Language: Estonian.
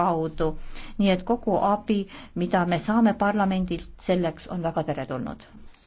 kaudu. nii et kogu abi, mida me saame parlamendilt, selleks on väga teretulnud.